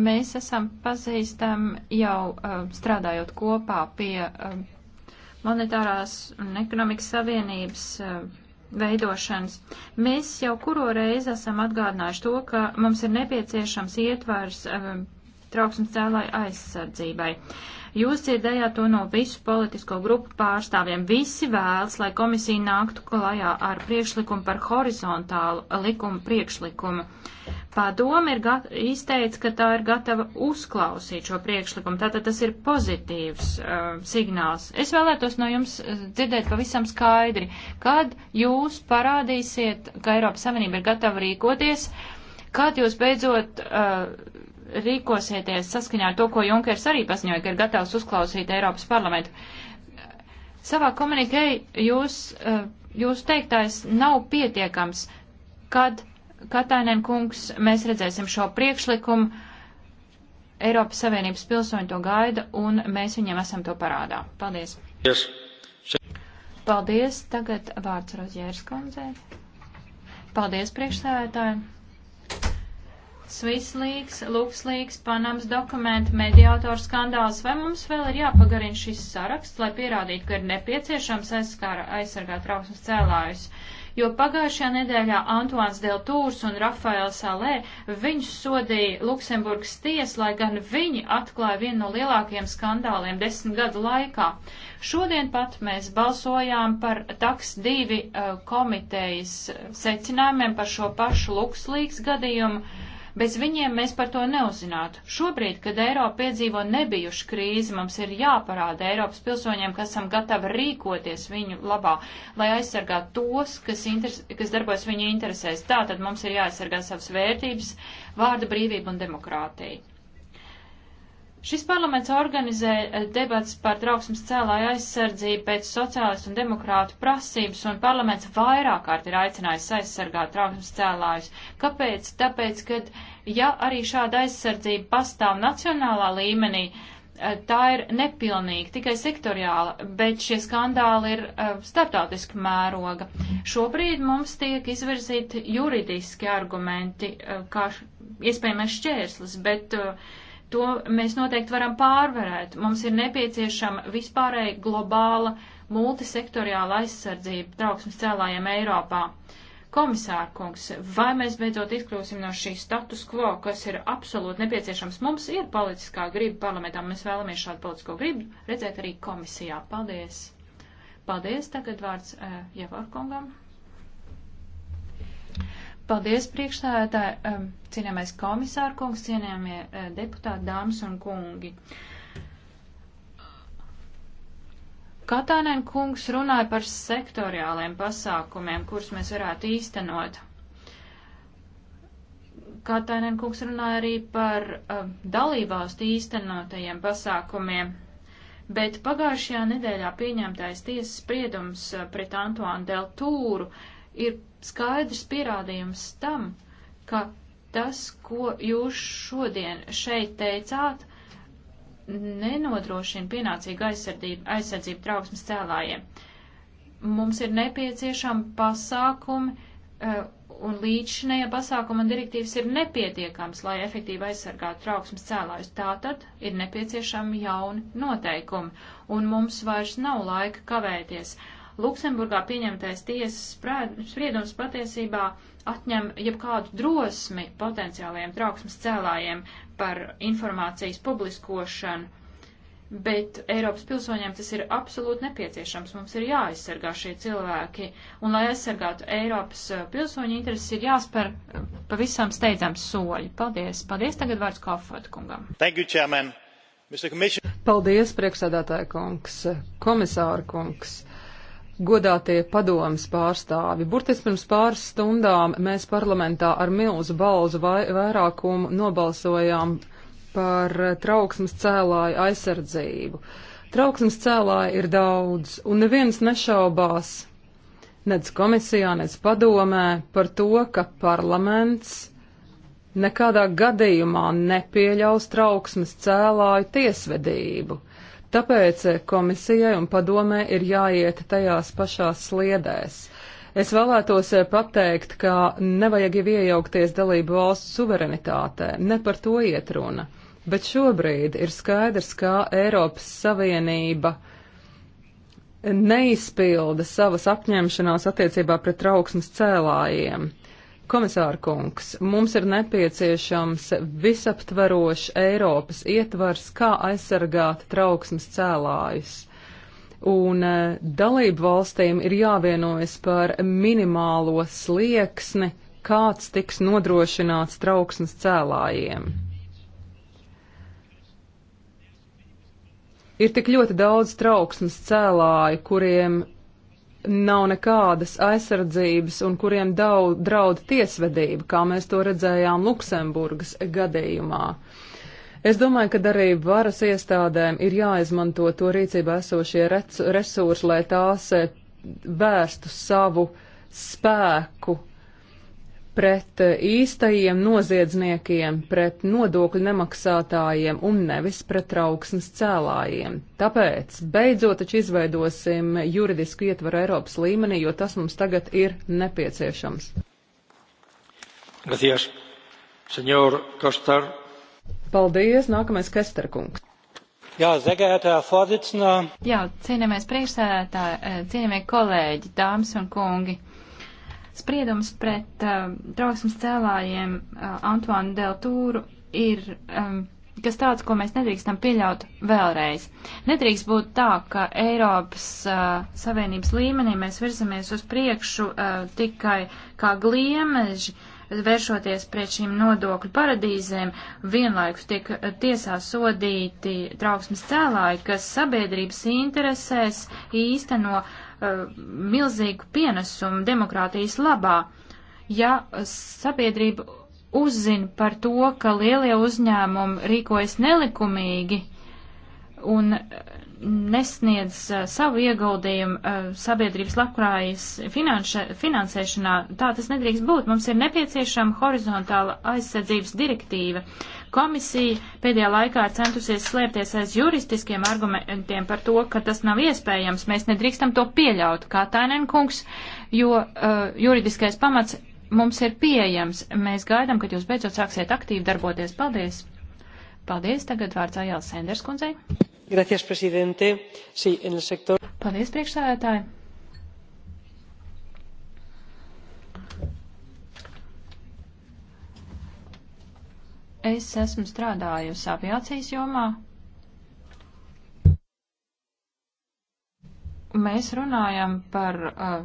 Mēs esam pazīstami jau uh, strādājot kopā pie uh, monetārās un ekonomikas savienības uh, veidošanas. Mēs jau kuro reizi esam atgādinājuši to, ka mums ir nepieciešams ietvars. Uh, trauksmes cēlāju aizsardzībai. Jūs dzirdējāt to no visu politisko grupu pārstāvjiem. Visi vēlas, lai komisija nāktu klajā ar priekšlikumu par horizontālu likumu priekšlikumu. Padoma ir izteica, ka tā ir gatava uzklausīt šo priekšlikumu. Tātad tas ir pozitīvs uh, signāls. Es vēlētos no jums uh, dzirdēt pavisam skaidri, kad jūs parādīsiet, ka Eiropas Savienība ir gatava rīkoties, kad jūs beidzot. Uh, rīkosieties saskaņā ar to, ko Junkers arī paziņoja, ka ir gatavs uzklausīt Eiropas parlamentu. Savā komunikē jūs, eh, jūs teiktais nav pietiekams, kad Katainen kungs mēs redzēsim šo priekšlikumu. Eiropas Savienības pilsoņi to gaida, un mēs viņiem esam to parādā. Paldies! Yes. Paldies! Tagad vārds Rozjēras kundzei. Paldies priekšsēdētājiem! Svislīgs, Lukslīgs, Panamas dokumenti, mediātors skandāls, vai mums vēl ir jāpagarina šis saraksts, lai pierādītu, ka ir nepieciešams aizskāra, aizsargāt trauksmes cēlājus? Jo pagājušajā nedēļā Antoans Deltūrs un Rafaels Salē viņus sodīja Luksemburgas ties, lai gan viņi atklāja vienu no lielākajiem skandāliem desmit gadu laikā. Šodien pat mēs balsojām par taks divi eh, komitejas secinājumiem par šo pašu Lukslīgs gadījumu Bez viņiem mēs par to neuzzinātu. Šobrīd, kad Eiropa piedzīvo nebijušu krīzi, mums ir jāparāda Eiropas pilsoņiem, kas esam gatavi rīkoties viņu labā, lai aizsargātu tos, kas, interes, kas darbojas viņu interesēs. Tātad mums ir jāaizsargā savas vērtības, vārda brīvība un demokrātija. Šis parlaments organizē eh, debats par trauksmes cēlāju aizsardzību pēc sociālistu un demokrātu prasības, un parlaments vairāk kārt ir aicinājis aizsargāt trauksmes cēlājus. Kāpēc? Tāpēc, ka ja arī šāda aizsardzība pastāv nacionālā līmenī, eh, tā ir nepilnīga, tikai sektoriāla, bet šie skandāli ir eh, starptautiska mēroga. Šobrīd mums tiek izvirzīti juridiski argumenti, kā iespējamais šķērslis, bet uh, to mēs noteikti varam pārvarēt. Mums ir nepieciešama vispārēja globāla multisektoriāla aizsardzība trauksmes cēlājiem Eiropā. Komisārkungs, vai mēs beidzot izkļūsim no šī status quo, kas ir absolūti nepieciešams? Mums ir politiskā griba parlamentā, mēs vēlamies šādu politisko gribu redzēt arī komisijā. Paldies! Paldies, tagad vārds uh, eh, Jevorkungam. Ja Paldies, priekšstādātāji, um, cienījamais komisāra kungs, cienījamie uh, deputāti, dāmas un kungi. Katānen kungs runāja par sektoriāliem pasākumiem, kurus mēs varētu īstenot. Katānen kungs runāja arī par uh, dalībvalstu īstenotajiem pasākumiem, bet pagājušajā nedēļā pieņemtais tiesas spriedums uh, pret Antoine Deltūru ir skaidrs pierādījums tam, ka tas, ko jūs šodien šeit teicāt, nenodrošina pienācīgu aizsardzību, aizsardzību trauksmes cēlājiem. Mums ir nepieciešami pasākumi, eh, un līdzšinējā pasākuma direktīvas ir nepietiekams, lai efektīvi aizsargātu trauksmes cēlājus. Tātad ir nepieciešami jauni noteikumi, un mums vairs nav laika kavēties. Luksemburgā pieņemtais tiesas spriedums patiesībā atņem jebkādu drosmi potenciālajiem trauksmes cēlājiem par informācijas publiskošanu, bet Eiropas pilsoņiem tas ir absolūti nepieciešams. Mums ir jāaizsargā šie cilvēki, un lai aizsargātu Eiropas eh, pilsoņu intereses, ir jāspēr eh, pavisam steidzams soļi. Paldies! Paldies tagad vārds Kofot kungam! Thank you, chairman. Paldies, priekšsēdētāja kungs, komisāra kungs. Godātie padomas pārstāvi, burtiski pirms pāris stundām mēs parlamentā ar milzu balzu vai, vairākumu nobalsojām par trauksmes cēlāju aizsardzību. Trauksmes cēlāji ir daudz, un neviens nešaubās, nec komisijā, nec padomē, par to, ka parlaments nekādā gadījumā nepieļaus trauksmes cēlāju tiesvedību. Tāpēc eh, komisijai un padomē ir jāiet tajās pašās sliedēs. Es vēlētos eh, pateikt, ka nevajag jau iejaukties dalību valstu suverenitātē, ne par to iet runa, bet šobrīd ir skaidrs, ka Eiropas Savienība neizpilda savas apņemšanās attiecībā pret trauksmes cēlājiem. Komisāra kungs, mums ir nepieciešams visaptverošs Eiropas ietvars, kā aizsargāt trauksmes cēlājus. Un eh, dalību valstīm ir jāvienojas par minimālo slieksni, kāds tiks nodrošināts trauksmes cēlājiem. Ir tik ļoti daudz trauksmes cēlāju, kuriem nav nekādas aizsardzības un kuriem daudz draud tiesvedība, kā mēs to redzējām Luksemburgas gadījumā. Es domāju, ka arī varas iestādēm ir jāizmanto to rīcībā esošie resursi, lai tās eh, vērstu savu spēku pret eh, īstajiem noziedzniekiem, pret nodokļu nemaksātājiem un nevis pret trauksmes cēlājiem. Tāpēc beidzot taču izveidosim juridisku ietvaru Eiropas līmenī, jo tas mums tagad ir nepieciešams. Gracias, senor Kostar. Paldies, nākamais Kesterkungs. Jā, zegētā Fodicinā. Jā, cienījamais priekšsēdētāji, eh, cienījamie kolēģi, dāmas un kungi. Spriedums pret uh, trauksmes cēlājiem uh, Antoine Deltūru ir um, kas tāds, ko mēs nedrīkstam pieļaut vēlreiz. Nedrīkst būt tā, ka Eiropas uh, Savienības līmenī mēs virzamies uz priekšu uh, tikai kā gliemeži, vēršoties pret šīm nodokļu paradīzēm, vienlaikus tiek uh, tiesā sodīti trauksmes cēlāji, kas sabiedrības interesēs īsteno uh, Uh, milzīgu pienesumu demokrātijas labā, ja sabiedrība uzzina par to, ka lielie uzņēmumi rīkojas nelikumīgi un nesniedz uh, savu ieguldījumu uh, sabiedrības labklājas finansēšanā, tā tas nedrīkst būt. Mums ir nepieciešama horizontāla aizsardzības direktīva. Uh, Komisija pēdējā laikā centusies slēpties aiz juristiskiem argumentiem par to, ka tas nav iespējams. Mēs nedrīkstam to pieļaut, kā Tainenkungs, jo uh, juridiskais pamats mums ir pieejams. Mēs gaidām, kad jūs beidzot sāksiet aktīvi darboties. Paldies! Paldies! Tagad vārds Ajāls Senders kundzei. Gracias, presidente. Sí, en el sector. Paldies, priekšsēdētāji! Es esmu strādājusi aviācijas jomā. Mēs runājam par uh,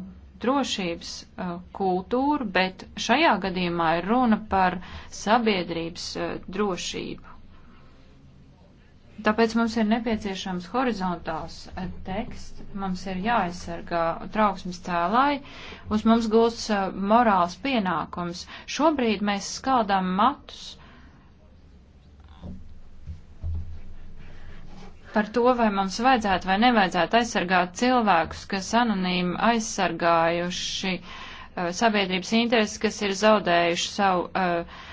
drošības uh, kultūru, bet šajā gadījumā ir runa par sabiedrības uh, drošību. Tāpēc mums ir nepieciešams horizontāls uh, teksts, mums ir jāaizsargā trauksmes cēlāji, uz mums gūst uh, morāls pienākums. Šobrīd mēs skaldām matus par to, vai mums vajadzētu vai nevajadzētu aizsargāt cilvēkus, kas anonīmi aizsargājuši uh, sabiedrības intereses, kas ir zaudējuši savu uh,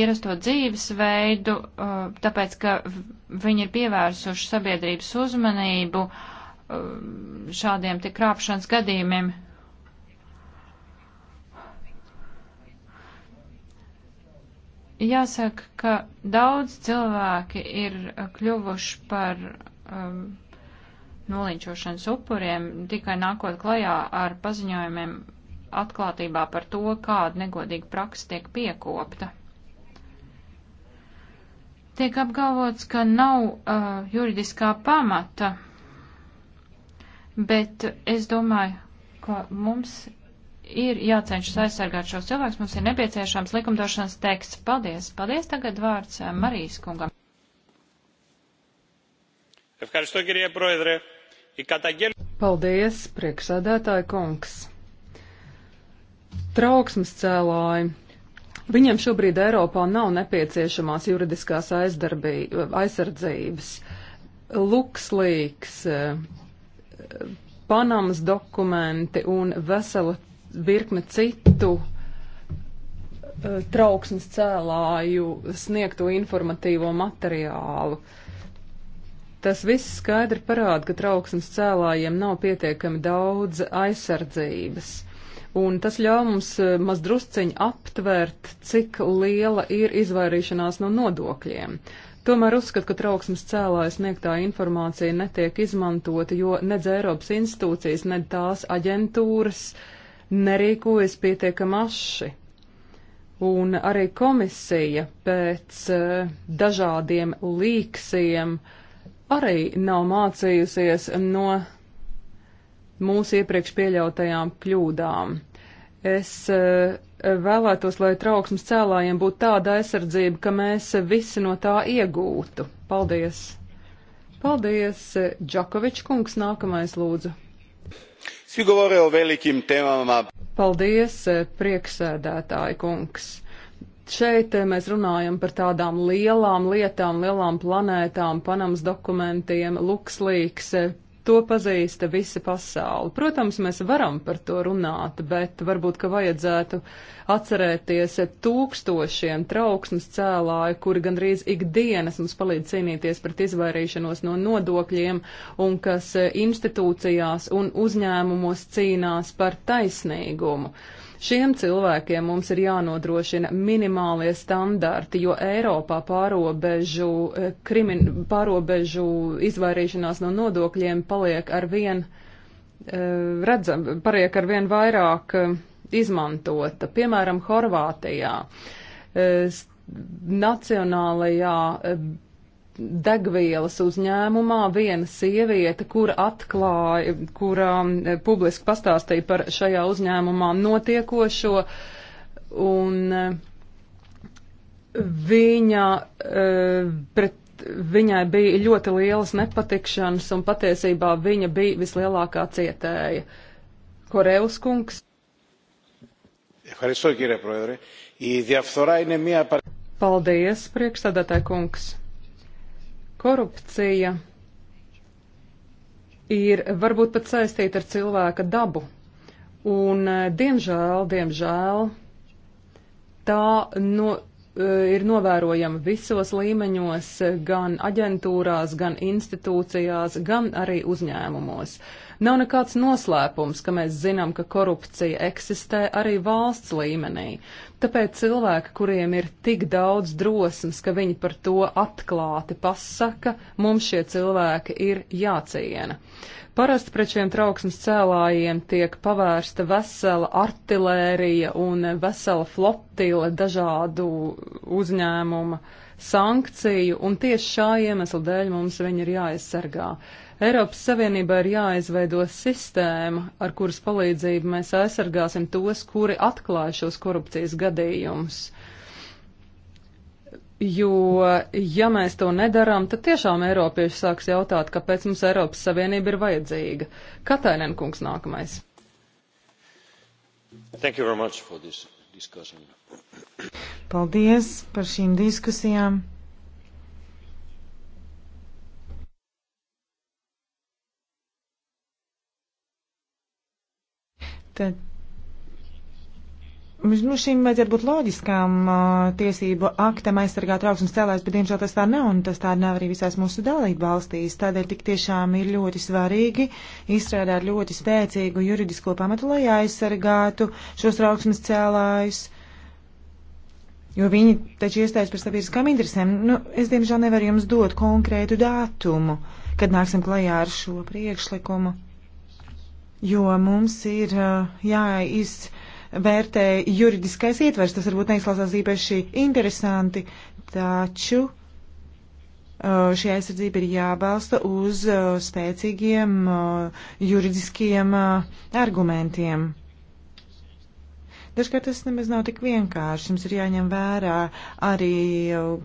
ierasto dzīvesveidu, uh, tāpēc, ka viņi ir pievērsuši sabiedrības uzmanību uh, šādiem tik krāpšanas gadījumiem. Jāsaka, ka daudz cilvēki ir kļuvuši par um, noliņķošanas upuriem, tikai nākot klajā ar paziņojumiem atklātībā par to, kāda negodīga praksa tiek piekopta. Tiek apgalvots, ka nav uh, juridiskā pamata, bet es domāju, ka mums ir jācenšas aizsargāt šos cilvēkus, mums ir nepieciešams likumdošanas teksts. Paldies! Paldies! Tagad vārds eh, Marijas kungam. Paldies, priekšsēdētāja kungs! Trauksmes cēlāji! Viņiem šobrīd Eiropā nav nepieciešamās juridiskās aizsardzības. Lukslīgs, eh, Panamas dokumenti un vesela virkne citu uh, trauksmes cēlāju sniegto informatīvo materiālu. Tas viss skaidri parāda, ka trauksmes cēlājiem nav pietiekami daudz aizsardzības. Un tas ļauj mums e, maz drusciņi aptvērt, cik liela ir izvairīšanās no nodokļiem. Tomēr uzskat, ka trauksmes cēlājas sniegtā informācija netiek izmantota, jo nedz Eiropas institūcijas, nedz tās aģentūras uh, nerīkojas pietiekami aši. Un arī komisija pēc eh, dažādiem līksiem arī nav mācījusies no mūsu iepriekš pieļautajām kļūdām. Es eh, vēlētos, lai trauksmes cēlājiem būtu tāda aizsardzība, ka mēs visi no tā iegūtu. Paldies! Paldies, Džakovičs kungs, nākamais lūdzu. Svi govore o velikim temama. Paldies, e, prieksēdētāji kungs. Šeit e, mēs runājam par tādām lielām lietām, lielām planētām, Panamas dokumentiem, Luxlīks, e, to pazīsta visa pasaule. Protams, mēs varam par to runāt, bet varbūt, ka vajadzētu atcerēties tūkstošiem trauksmes cēlāju, kuri gandrīz ikdienas mums palīdz cīnīties pret izvairīšanos no nodokļiem un kas institūcijās un uzņēmumos cīnās par taisnīgumu. Šiem cilvēkiem mums ir jānodrošina minimālie standarti, jo Eiropā pārobežu, eh, krimin, pārobežu izvairīšanās no nodokļiem paliek ar vien, eh, redzam, paliek ar vien vairāk eh, izmantota. Piemēram, Horvātijā nacionālajā degvielas uzņēmumā viena sieviete, kura atklāja, kura um, publiski pastāstīja par šajā uzņēmumā notiekošo, un uh, viņa uh, pret viņai bija ļoti lielas nepatikšanas, un patiesībā viņa bija vislielākā cietēja. Koreus kungs. Paldies, priekšsēdētāji kungs. Korupcija ir varbūt pat saistīta ar cilvēka dabu. Un, eh, diemžēl, diemžēl, tā no, eh, ir novērojama visos līmeņos, gan aģentūrās, gan institūcijās, gan arī uzņēmumos. Uh, Nav nekāds noslēpums, ka mēs zinām, ka korupcija eksistē arī valsts līmenī. Tāpēc cilvēki, kuriem ir tik daudz drosmes, ka viņi par to atklāti pasaka, mums šie cilvēki ir jāciena. Parasti pret šiem trauksmes cēlājiem tiek pavērsta vesela artilērija un vesela flotile dažādu uzņēmumu sankciju, un tieši šā iemesla dēļ mums viņi ir jāaizsargā. Eiropas Savienībā ir jāizveido sistēma, ar kuras palīdzību mēs aizsargāsim tos, kuri atklāja šos korupcijas gadījumus. Jo, ja mēs to nedarām, tad tiešām Eiropieši sāks jautāt, kāpēc mums Eiropas Savienība ir vajadzīga. Katainen kungs nākamais. Thank you very much for this discussion. Paldies par šīm diskusijām. Tad Nu, šim vajadzētu būt loģiskām uh, tiesību aktam aizsargāt trauksmes cēlājs, bet diemžēl tas tā nav, un tas tā nav arī visās mūsu dalību valstīs. Tādēļ tik tiešām ir ļoti svarīgi izstrādāt ļoti spēcīgu juridisko pamatu, lai aizsargātu šos trauksmes cēlājus, jo viņi taču iestājas par sabiedriskām interesēm. Nu, es diemžēl nevaru jums dot konkrētu datumu, kad nāksim klajā ar šo priekšlikumu jo mums ir uh, jāizvērtē juridiskais ietvers. Tas varbūt neizklausās īpaši interesanti, taču uh, šī aizsardzība ir jābalsta uz uh, spēcīgiem juridiskiem argumentiem. Dažkārt tas nemaz nav tik vienkārši. Jums ir jāņem vērā arī,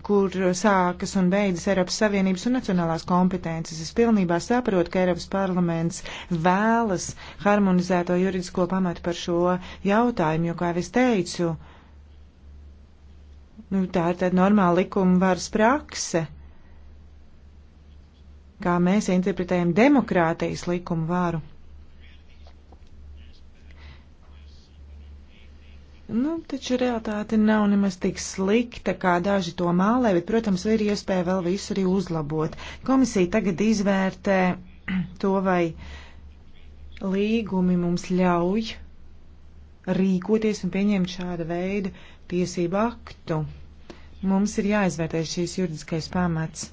kur sākas un beidzas Eiropas Savienības un nacionālās kompetences. Es pilnībā saprotu, ka Eiropas parlaments vēlas harmonizēto juridisko pamatu par šo jautājumu, jo, kā jau es teicu, nu, tā ir tāda normāla likuma varas prakse kā mēs interpretējam demokrātijas likumu vāru. Nu, taču realitāte nav nemaz tik slikta, kā daži to mālē, bet, protams, ir iespēja vēl visu arī uzlabot. Komisija tagad izvērtē to, vai līgumi mums ļauj rīkoties un pieņemt šāda veida tiesību aktu. Mums ir jāizvērtē šīs juridiskais pamats.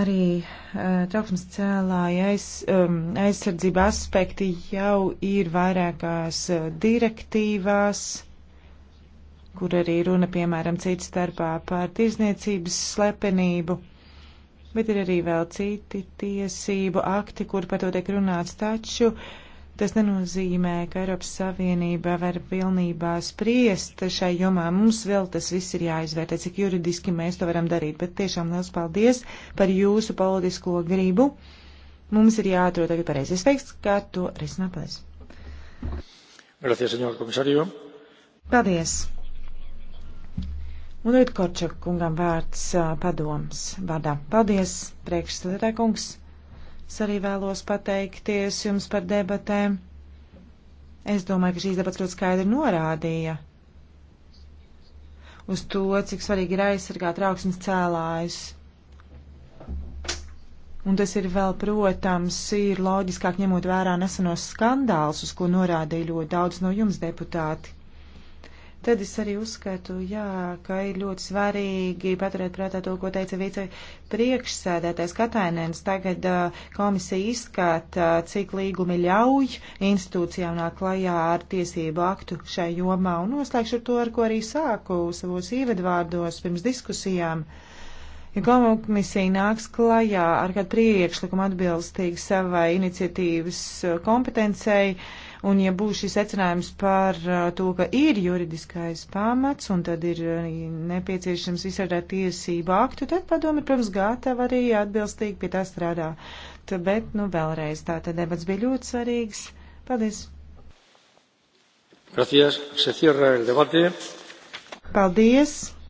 Arī uh, trauksmes cēlāja aiz, um, aizsardzība aspekti jau ir vairākās uh, direktīvās, kur arī runa, piemēram, cits starpā par tirzniecības slepenību, bet ir arī vēl citi tiesību akti, kur par to tiek runāts taču. Uh, Tas nenozīmē, ka Eiropas Savienība var pilnībā spriest šai jomā. Mums vēl tas viss ir jāizvērtē, cik juridiski mēs to varam darīt. Bet tiešām liels paldies par jūsu politisko gribu. Mums ir jāatrod tagad pareizais veids, kā to risināt. Paldies! Gracias, señor komisario. Paldies! Un tagad Korčak kungam vārds padoms vārdā. Paldies, priekšsēdētāj kungs! Es arī vēlos pateikties jums par debatēm. Es domāju, ka šīs debats ļoti skaidri norādīja uz to, cik svarīgi ir aizsargāt trauksmes cēlājus. Un tas ir vēl, protams, ir loģiskāk ņemot vērā nesenos skandālus, uz ko norādīja ļoti daudz no jums deputāti. Tad es arī uzskatu, jā, ka ir ļoti svarīgi paturēt prātā to, ko teica vice priekšsēdētājs Katainēns. Tagad uh, komisija izskata, uh, cik līgumi ļauj institūcijām nāk klajā ar tiesību aktu šai jomā. Un noslēgšu ar to, ar ko arī sāku savos ievedvārdos pirms diskusijām. Ja komisija nāks klajā ar kādu priekšlikumu atbilstīgi savai iniciatīvas kompetencei, uh, Un ja būs šis secinājums par uh, to, ka ir juridiskais pamats un tad ir uh, nepieciešams izsardēt tiesību aktu, tad padomi, protams, gatava arī atbilstīgi pie tā strādā. Tā, bet, nu, vēlreiz tā tad debats bija ļoti svarīgs. Paldies! Gracias. Se cierra el debate. Paldies!